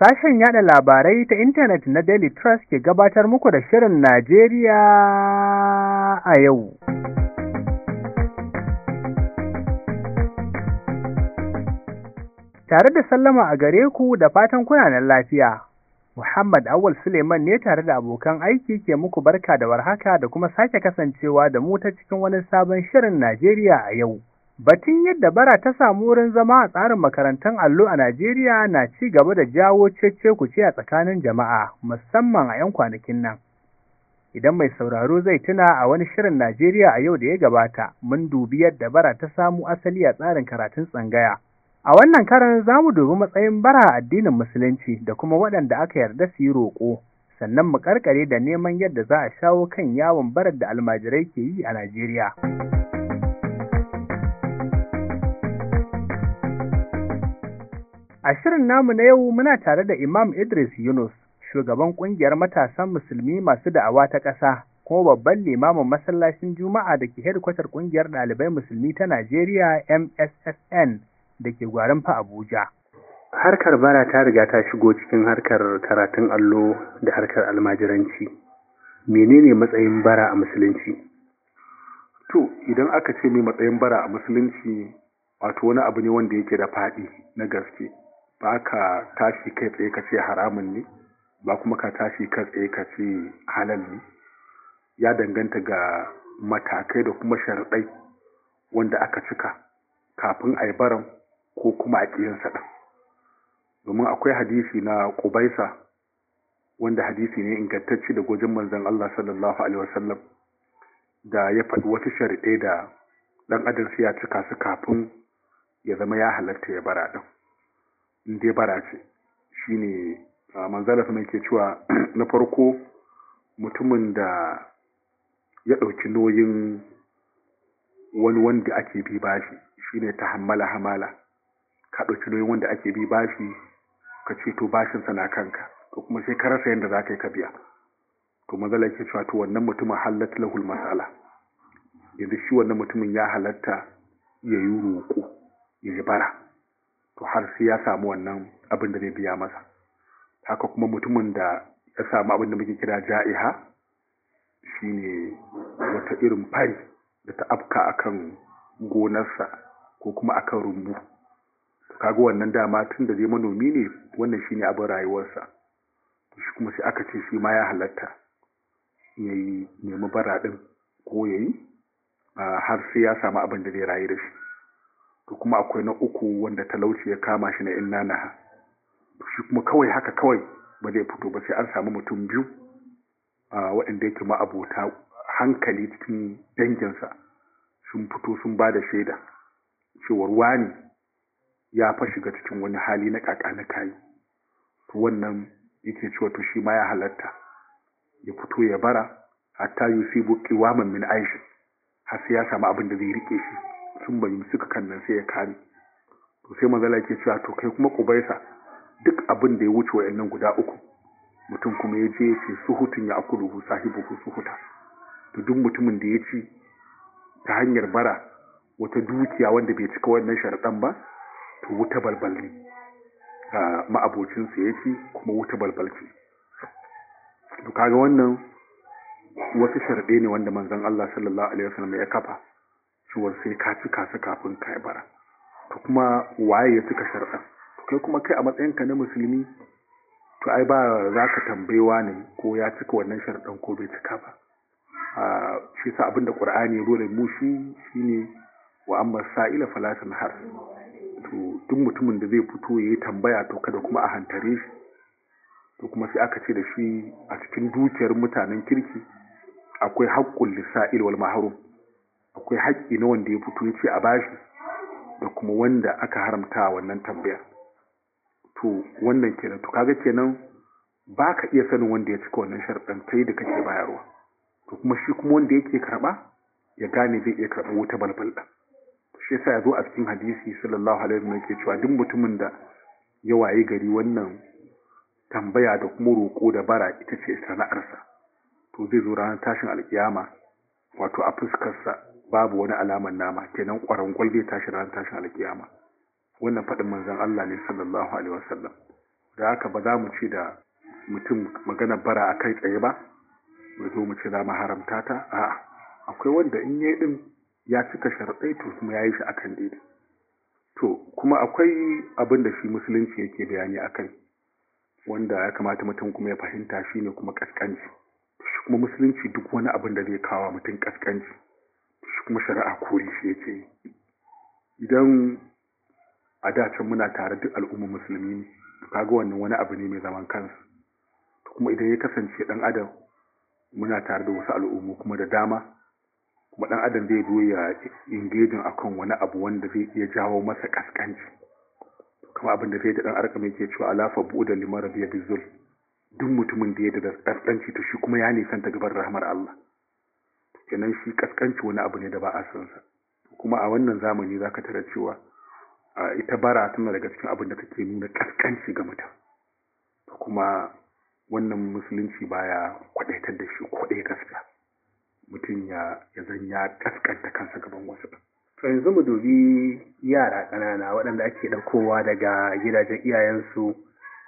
Sashen yada labarai ta intanet na Daily Trust ke gabatar muku da Shirin Najeriya a yau. Tare da sallama a gare ku da fatan kunanan lafiya, Muhammad Awal Suleiman ne tare da abokan aiki ke muku barka da warhaka da kuma sake kasancewa da mu ta cikin wani sabon Shirin Najeriya a yau. Batun yadda bara ta samu wurin zama a tsarin makarantun allo a Najeriya na ci gaba da jawo cece ce a tsakanin jama'a, musamman a 'yan kwanakin nan. Idan mai sauraro zai tuna a wani shirin Najeriya a yau da ya gabata, mun dubi yadda bara ta samu asali a tsarin karatun tsangaya. A wannan karan za mu dubi matsayin bara a addinin Musulunci da kuma waɗanda aka yarda su yi roƙo, sannan mu ƙarƙare da neman yadda za a shawo kan yawon barar da almajirai ke yi a Najeriya. A shirin namu na yau muna tare da Imam Idris Yunus, shugaban ƙungiyar matasan musulmi masu da'awa ta ƙasa, kuma babban limamin masallacin Juma'a da ke hedkwatar ƙungiyar ɗalibai musulmi ta Najeriya MSSN da ke gwarin fa Abuja. Harkar bara ta riga ta shigo cikin harkar karatun allo da harkar almajiranci. Menene matsayin bara a musulunci? To, idan aka ce mai matsayin bara a musulunci, wato wani abu ne wanda yake da faɗi na gaske. ba ka tashi kai tsaye ka ce haramun ne ba kuma ka tashi kai tsaye ka ce halal ne ya danganta ga matakai da kuma sharaɗai wanda aka cika kafin a yi baran ko kuma a ƙiyansa saɗa domin akwai hadisi na ƙubaisa wanda hadisi ne ingantacci da gojin manzan Allah sallallahu alaihi wasallam da ya faɗi wata sharaɗai da ɗan adam ya cika su kafin ya zama ya halatta ya bara ɗin in dai bara ce shine manzala sama ke cewa na farko mutumin da ya ɗauki noyin wani wanda ake bi bashi shine ta hammala hamala ka ɗauki noyin wanda ake bi bashi ka ce to bashinsa na kanka to kuma sai ka rasa yadda za ka yi ka biya to manzala ke cewa to wannan mutumin halatta lahul masala yanzu shi wannan mutumin ya halatta ya yi roƙo ya yi bara to har sai ya samu wannan abin da zai biya masa haka kuma mutumin da ya samu abin da muke kira ja'iha shine wata irin fari da ta afka akan gonarsa ko kuma akan rumbu kaga wannan dama tun da zai manomi ne wannan shine abin rayuwarsa shi kuma sai aka ce shi ma ya halatta ya yi nemi baraɗin, ko ya yi ah, har sai ya samu abin da zai rayu da shi to kuma akwai na uku wanda talauci ya kama shi na innanaha shi kuma kawai haka kawai ba zai fito ba sai an samu mutum biyu a waɗanda yake ma'abota hankali cikin danginsa sun fito sun ba da shaida cewar wani ya fa shiga cikin wani hali na ƙaƙa na kayi to wannan yake cewa to shi ma ya halatta ya fito ya bara hatta yusibu qiwaman min aish har sai ya samu abin da zai rike shi sun bayu suka kan nan sai ya kare. to sai manzala yake cewa to kai kuma ku kubaisa duk abin da ya wuce wa'annan guda uku mutum kuma ya je ya ce suhutun ya sahibu sahibuhu suhuta to duk mutumin da ya ci ta hanyar bara wata dukiya wanda bai cika wannan sharaɗan ba to wuta balbal ne ma'abocinsa ya ci kuma wuta balbal ce to kaga wannan wasu sharaɗe ne wanda manzon Allah sallallahu alaihi wasallam ya kafa cewar sai ka cika su kafin ka bara to kuma waye ya cika sharɗan to kai kuma kai a matsayinka na musulmi to ai ba za ka tambayewa ne ko ya cika wannan sharɗan ko bai cika ba A shi sa abin da qur'ani ya dole mu shi shine wa amma sa'ila falatin har to duk mutumin da zai fito yayi tambaya to kada kuma a hantare shi to kuma sai aka ce da shi a cikin dukiyar mutanen kirki akwai haƙƙul lisa'il wal mahrum akwai haƙƙi na wanda ya fito ya ce a bashi da kuma wanda aka haramta wannan tambayar to wannan kenan to kaga kenan ba ka iya sanin wanda ya cika wannan sharɗantai da kake bayarwa to kuma shi kuma wanda yake karɓa ya gane zai iya karɓa wuta balbal ɗin shi yasa ya zo a cikin hadisi sallallahu alaihi wasallam yake cewa duk mutumin da ya waye gari wannan tambaya da kuma roƙo da bara ita ce sana'arsa to zai zo ranar tashin alƙiyama, wato a fuskarsa babu wani alaman nama kenan kwarangwal zai tashi ran tashin alkiyama wannan faɗin manzon Allah ne sallallahu alaihi wasallam da haka ba za mu ce da mutum magana bara a kai tsaye ba mu zo mu ce za mu haramta ta a'a akwai wanda in yayi din ya cika sharadai to kuma yayi shi akan dai to kuma akwai abin da shi musulunci yake bayani akai wanda ya kamata mutum kuma ya fahimta shine kuma kaskanci kuma musulunci duk wani abin da zai kawo mutum kaskanci kuma shari'a kori shi yake idan a dacin muna tare duk al'ummar musulmi ne kaga wannan wani abu ne mai zaman kansa kuma idan ya kasance dan adam muna tare da wasu al'ummu kuma da dama kuma dan adam zai zo ya ingejin akan wani abu wanda zai iya jawo masa kaskanci kuma abin da zai da dan arkam yake cewa alafa buda limar biya bizul duk mutumin da ya da kaskanci to shi kuma ya nisanta gaban rahmar Allah kenan shi kaskanci wani abu ne da ba a san sa kuma a wannan zamani za ka tara cewa ita bara tana daga cikin abin da take nuna kaskanci ga mutum kuma wannan musulunci baya kwadaitar da shi kwaɗe gaskiya mutum ya ya zan ya kaskanta kansa gaban wasu to yanzu mu dubi yara ƙanana waɗanda ake ɗaukowa daga gidajen iyayensu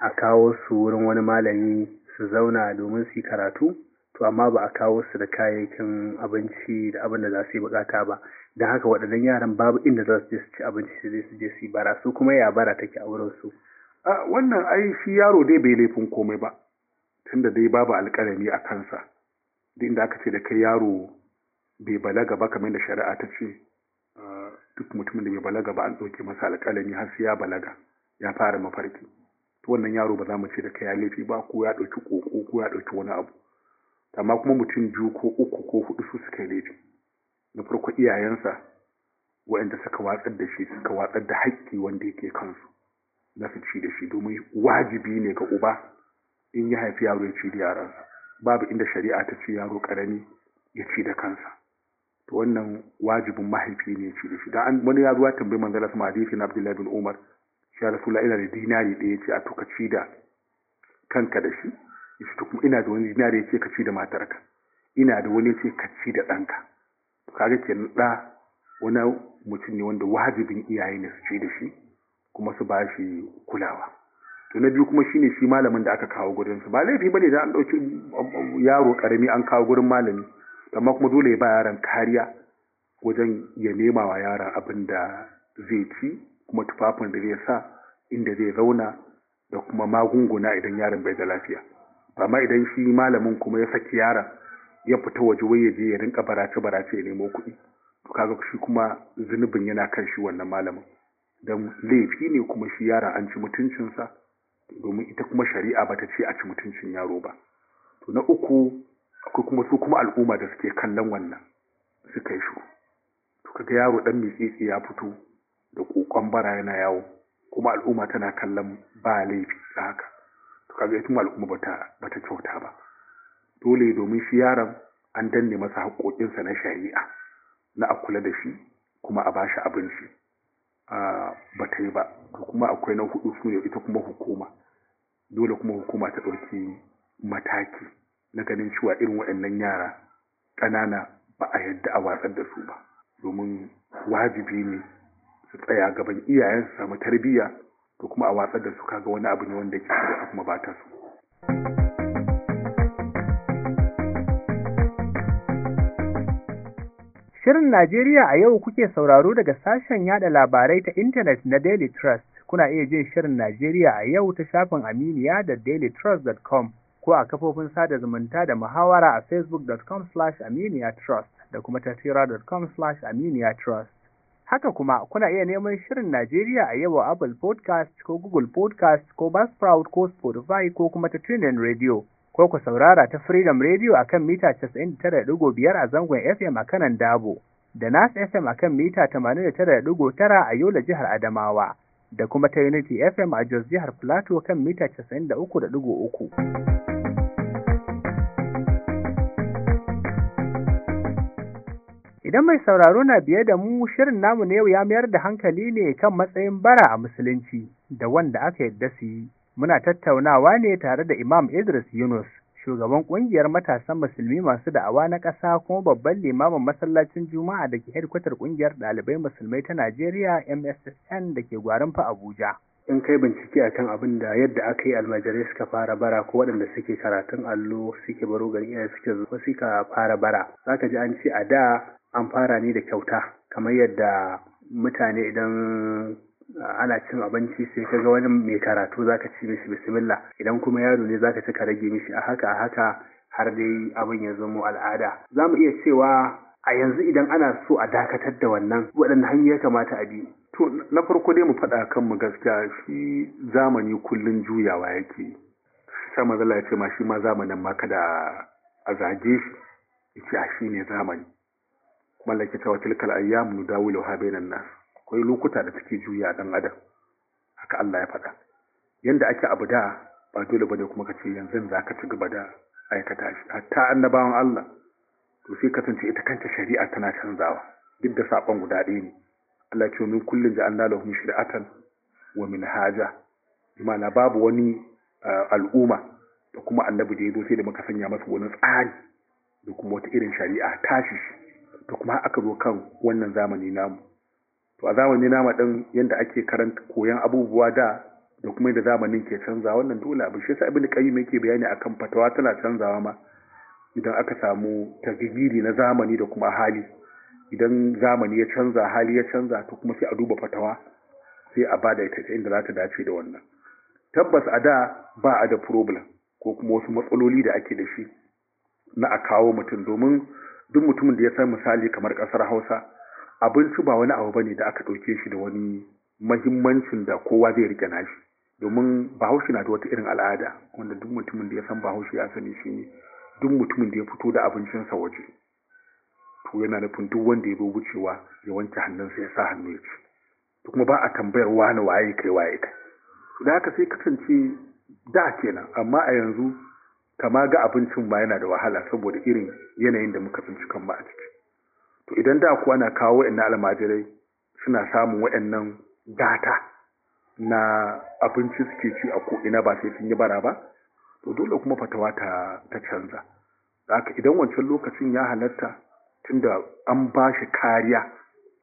a kawo su wurin wani malami su zauna domin su yi karatu to amma ba a kawo su da kayayyakin abinci da abin da za su yi bukata ba don haka waɗannan yaran babu inda za su je su ci abinci su je su je su bara su kuma ya bara take a wurin su wannan ai shi yaro dai bai laifin komai ba tunda dai babu alƙalami a kansa duk inda aka ce da kai yaro bai balaga ba kamar da shari'a ta ce duk mutumin da bai balaga ba an ɗauke masa alƙalami har sai ya balaga ya fara mafarki to wannan yaro ba za mu ce da kai ya laifi ba ko ya ɗauki ƙoƙo ko ya ɗauki wani abu amma kuma mutum biyu ko uku ko hudu su suka laifi na farko iyayensa waɗanda suka watsar da shi suka watsar da haƙƙi wanda yake kansu na su ci da shi domin wajibi ne ga uba in ya haifi yaro ya ci da yaransa babu inda shari'a ta ce yaro ƙarami ya ci da kansa to wannan wajibin mahaifi ne ya ci da shi dan wani yaro ya tambayi manzala sama na abdullahi bin umar shi rasulullah ina da dinari ɗaya ce a tuka ci da kanka da shi shi to kuma ina da wani zinare ce ka ci da matarka ina da wani ce ka ci da ɗanka to kaga kenan da wani mutum ne wanda wajibin iyaye ne su ci da shi kuma su ba kulawa to na biyu kuma shine shi malamin da aka kawo gurin su ba laifi bane da an dauki yaro karami an kawo gurin malami amma kuma dole ya ba yaron kariya wajen ya nema wa yaron abin da zai ci kuma tufafin da zai sa inda zai zauna da kuma magunguna idan yaron bai da lafiya amma idan shi malamin kuma ya saki yara, ya fita waje wai ya je ya rinka barace barace ya nemo kuɗi to kaga shi kuma zunubin yana kan shi wannan malamin dan laifi ne kuma shi yara an ci mutuncinsa domin ita kuma shari'a bata ce a ci mutuncin yaro ba to na uku akwai kuma su kuma al'umma da suke kallon wannan suka yi shuru, to kaga yaro dan mitsitsi ya fito da kokon bara yana yawo kuma al'umma tana kallon ba laifi haka kaga ita ma al'umma bata bata kyauta ba dole domin shi yaron an danne masa haƙoƙinsa na shari'a na a kula da shi kuma a bashi abinci a bata yi ba kuma akwai na hudu su ne ita kuma hukuma dole kuma hukuma ta ɗauki mataki na ganin cewa irin waɗannan yara ƙanana ba a yadda a watsar da su ba domin wajibi ne su tsaya gaban iyayen su samu tarbiyya to kuma a watsar da su kaga wani abu ne wanda yake da kuma ba su Shirin Najeriya a yau kuke sauraro daga sashen yada labarai ta intanet na Daily Trust. Kuna iya jin Shirin Najeriya a yau ta shafin Aminiya da dailytrust.com ko a kafofin sada zumunta da muhawara a facebook.com/aminiya trust da kuma tasiracom aminiya trust. Haka kuma kuna iya neman shirin Najeriya a yau a Apple Podcast ko Google Podcast ko Buzzsprout ko Spotify ko kuma ta TuneIn Radio. Ko ku saurara ta Freedom Radio a kan mita 99.5 a zangon FM a kanan Dabo, da Nas FM a kan mita 89.9 a Yola jihar Adamawa, da kuma ta Unity FM a Jos jihar Plateau kan mita 93.3. Idan mai sauraro na biye da mu shirin namu na yau ya mayar da hankali ne kan matsayin bara a musulunci da wanda aka yadda su yi. Muna tattaunawa ne tare da Imam Idris Yunus, shugaban ƙungiyar matasan musulmi masu da'awa na ƙasa kuma babban limamin masallacin Juma'a da ke hedkwatar ƙungiyar ɗalibai musulmai ta Najeriya MSSN da ke gwarin fa Abuja. in kai bincike akan abin da yadda aka yi almajirai suka fara bara ko waɗanda suke karatun allo suke baro gari suke zuwa suka fara bara za ka ji an ce a da an fara ne da kyauta kamar yadda mutane idan ana cin abinci sai ka ga wani mai karatu zaka ci mishi bismillah idan kuma yaro ne zaka ci ka rage mishi a haka a haka har dai abin ya zamo al'ada za mu iya cewa a yanzu idan ana so a dakatar da wannan waɗanne hanyar ya kamata a bi to na farko dai mu faɗa kan mu gaskiya shi zamani kullum juyawa yake sama zala ya ce ma shi ma zamanin ma kada a zage shi ya ce a shi ne zamani mallaki cewa tilkal ayyamu nudawilu ha bainan nas akwai lokuta da take juya dan adam haka Allah ya faɗa yanda ake abu da ba dole ba bane kuma ka ce yanzu za ka ci gaba da aikata shi hatta annabawan Allah to sai kasance ita kanta shari'a tana canzawa duk da saƙon guda ɗaya ne Allah ce min kullum da Allah lahum shari'atan wa minhaja imana babu wani eh, al'umma da kuma annabi da ya zo sai da muka sanya masa wani tsari da kuma wata irin shari'a tashi to kuma aka zo kan wannan zamani namu to a zamani nama din yadda ake karanta koyan abubuwa da da kuma yadda zamanin ke canza wannan dole abin shi yasa ibn qayyim yake bayani akan fatawa tana canzawa ma idan aka samu tagibiri na zamani da kuma hali idan zamani ya canza hali ya canza to kuma sai a duba fatawa sai a bada ita ta inda za ta dace da wannan tabbas a da ba a da problem ko kuma wasu matsaloli da ake da shi na a kawo mutum domin duk mutumin da ya san misali kamar ƙasar hausa abinci ba wani abu ba ne da aka ɗauke shi da wani mahimmancin da kowa zai rike nashi domin bahaushe na da wata irin al'ada wanda duk mutumin da ya san bahaushe ya sani shi ne duk mutumin da ya fito da abincinsa waje to yana nufin duk wanda ya zo wucewa ya wanke hannunsa ya sa hannu ya ci to kuma ba a tambayar wani waye kai waye kai da haka sai kasance da kenan amma a yanzu kama ga abincin ba yana da wahala saboda irin yanayin da muka tsinci kan a ciki to idan da kuwa na kawo wa'annan almajirai suna samun waɗannan data na abinci suke ci a ko'ina ba sai sun yi bara ba to dole kuma fatawa ta, ta canza haka idan wancan lokacin ya halatta tunda an ba shi kariya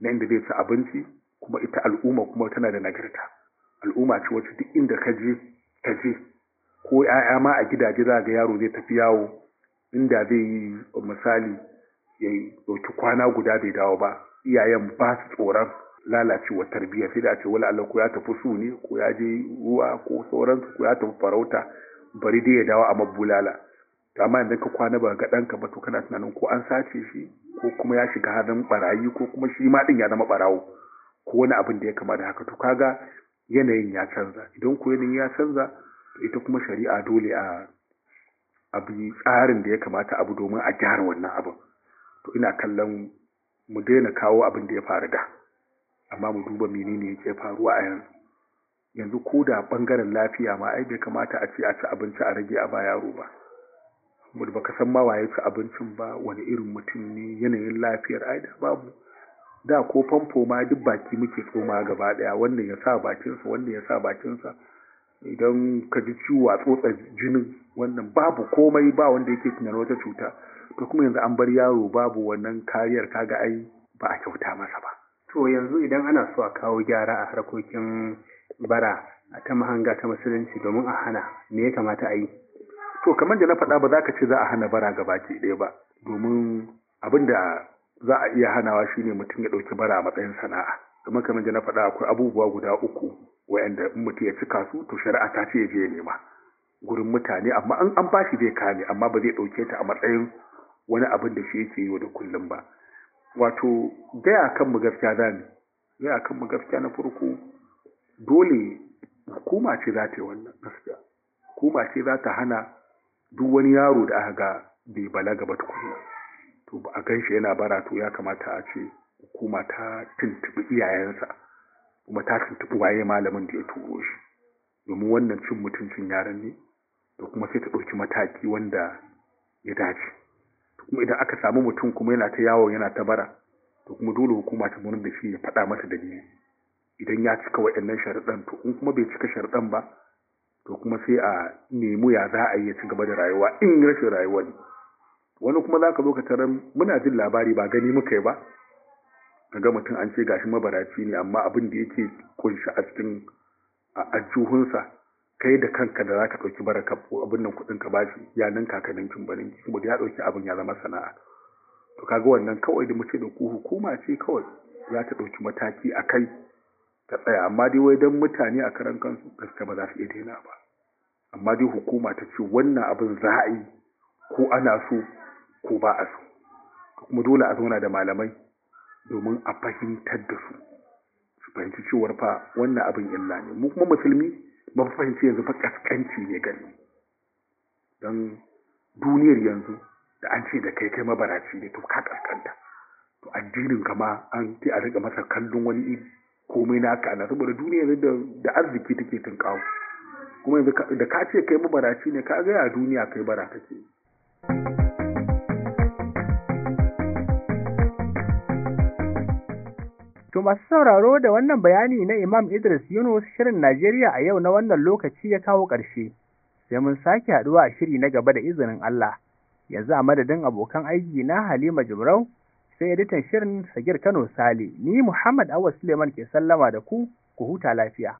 na inda zai ci abinci kuma ita al'umma kuma tana da nagarta al'umma ce wacce duk inda ka je ka je ko ‘ya'ya ma a gidaje za ga yaro zai tafi yawo inda zai yi misali ya ɗauki kwana guda bai dawo ba iyayen ba su tsoron lalacewar tarbiyya sai da ce wala Allah ko ya tafi su ne ko ya je ruwa ko sauransu ko ya tafi farauta bari dai ya dawo a mabbulala to amma idan ka kwana ba ga ɗanka ba to kana tunanin ko an sace shi ko kuma ya shiga hadin barayi ko kuma shi ma ɗin ya zama barawo ko wani abin da ya kama da haka to kaga yanayin ya canza idan ko yanayin ya canza ita kuma shari'a dole a abu tsarin da ya kamata abu domin a gyara wannan abin to ina kallon mu daina kawo abin da ya faru da amma mu duba menene ya yake faruwa a yanzu yanzu ko da bangaren lafiya ma ai bai kamata a ci a ci abinci a rage a ba yaro ba mu ba ka san ma waye ci abincin ba wani irin mutum ne yanayin lafiyar ai da babu da ko famfo ma duk baki muke tsoma gaba daya wanda ya sa bakinsa wanda ya sa bakinsa idan ka ji ciwo a tsotsar jinin wannan babu komai ba wanda yake tunanin wata cuta to kuma yanzu an bar yaro babu wannan kariyar kaga ai ba a kyauta masa ba to yanzu idan ana so a kawo gyara a harkokin bara ta mahanga ta musulunci domin a hana me ya kamata a yi to kamar da na faɗa ba za ka ce za a hana bara gaba ke ɗaya ba domin abin da za a iya hanawa shine mutum ya ɗauki bara a matsayin sana'a kamar kamar da na faɗa akwai abubuwa guda uku wayanda in mutum ya cika su to shari'a ta ce ya je nema gurin mutane amma an an bashi zai kame amma ba zai ɗauke ta a matsayin wani abin da shi yake yi da kullum ba wato gaya kan mu gaskiya za mu gaya kan mu gaskiya na farko dole hukuma ce za ta yi wannan gaskiya hukuma ce za ta hana duk wani yaro da aka ga bai balaga ba tukunna to ba a ganshi yana bara to ya kamata a ce Kuma ta tuntuɓi iyayensa kuma ta tuntuɓi waye malamin da ya turo shi domin wannan cin mutuncin yaran ne da kuma sai ta ɗauki mataki wanda ya dace kuma idan aka samu mutum kuma yana ta yawo yana ta bara to kuma dole hukuma ta murar da shi ya faɗa mata dalili idan ya cika waɗannan sharaɗan to in kuma bai cika sharaɗan ba to kuma sai a nemi ya za a yi ya ci gaba da rayuwa in rashin rayuwa ne wani kuma za ka zo ka tarar muna jin labari ba gani muka yi ba Ka ga mutum an ce gashi mabaraci ne amma abin da yake kunshi a cikin ajuhunsa kai da kanka da zaka ɗauki baraka abin nan kuɗin ka bashi ya nan kakannin kin barin saboda ya ɗauki abin ya zama sana'a to kaga wannan kawai da muke da ku hukuma ce kawai za ta ɗauki mataki a kai ta tsaya amma dai wai dan mutane a karan kansu gaskiya ba za su iya daina ba amma dai hukuma ta ce wannan abin za a yi ko ana so ko ba a so kuma dole a zauna da malamai domin a fahimtar da su su fahimci cewar fa wannan abin illa ne mu kuma musulmi ba fahimci yanzu fa kaskanci ne gani don duniyar yanzu da an ce da kai kai mabaraci ne to ka kaskanta to addinin kama an ce a rika masa kallon wani iri komai na ka na saboda duniya ne da arziki take tun kawo kuma yanzu da ka ce kai mabaraci ne ka gaya a duniya kai bara you To masu sauraro da wannan bayani na Imam Idris Yunus shirin Najeriya a yau na wannan lokaci ya kawo ƙarshe. Sai mun sake haɗuwa a shiri na gaba da izinin Allah. Yanzu a madadin abokan aiki na Halima Jibrau sai editan shirin Sagir Kano Sale. Ni Muhammad Awas Suleiman ke sallama da ku, ku huta lafiya.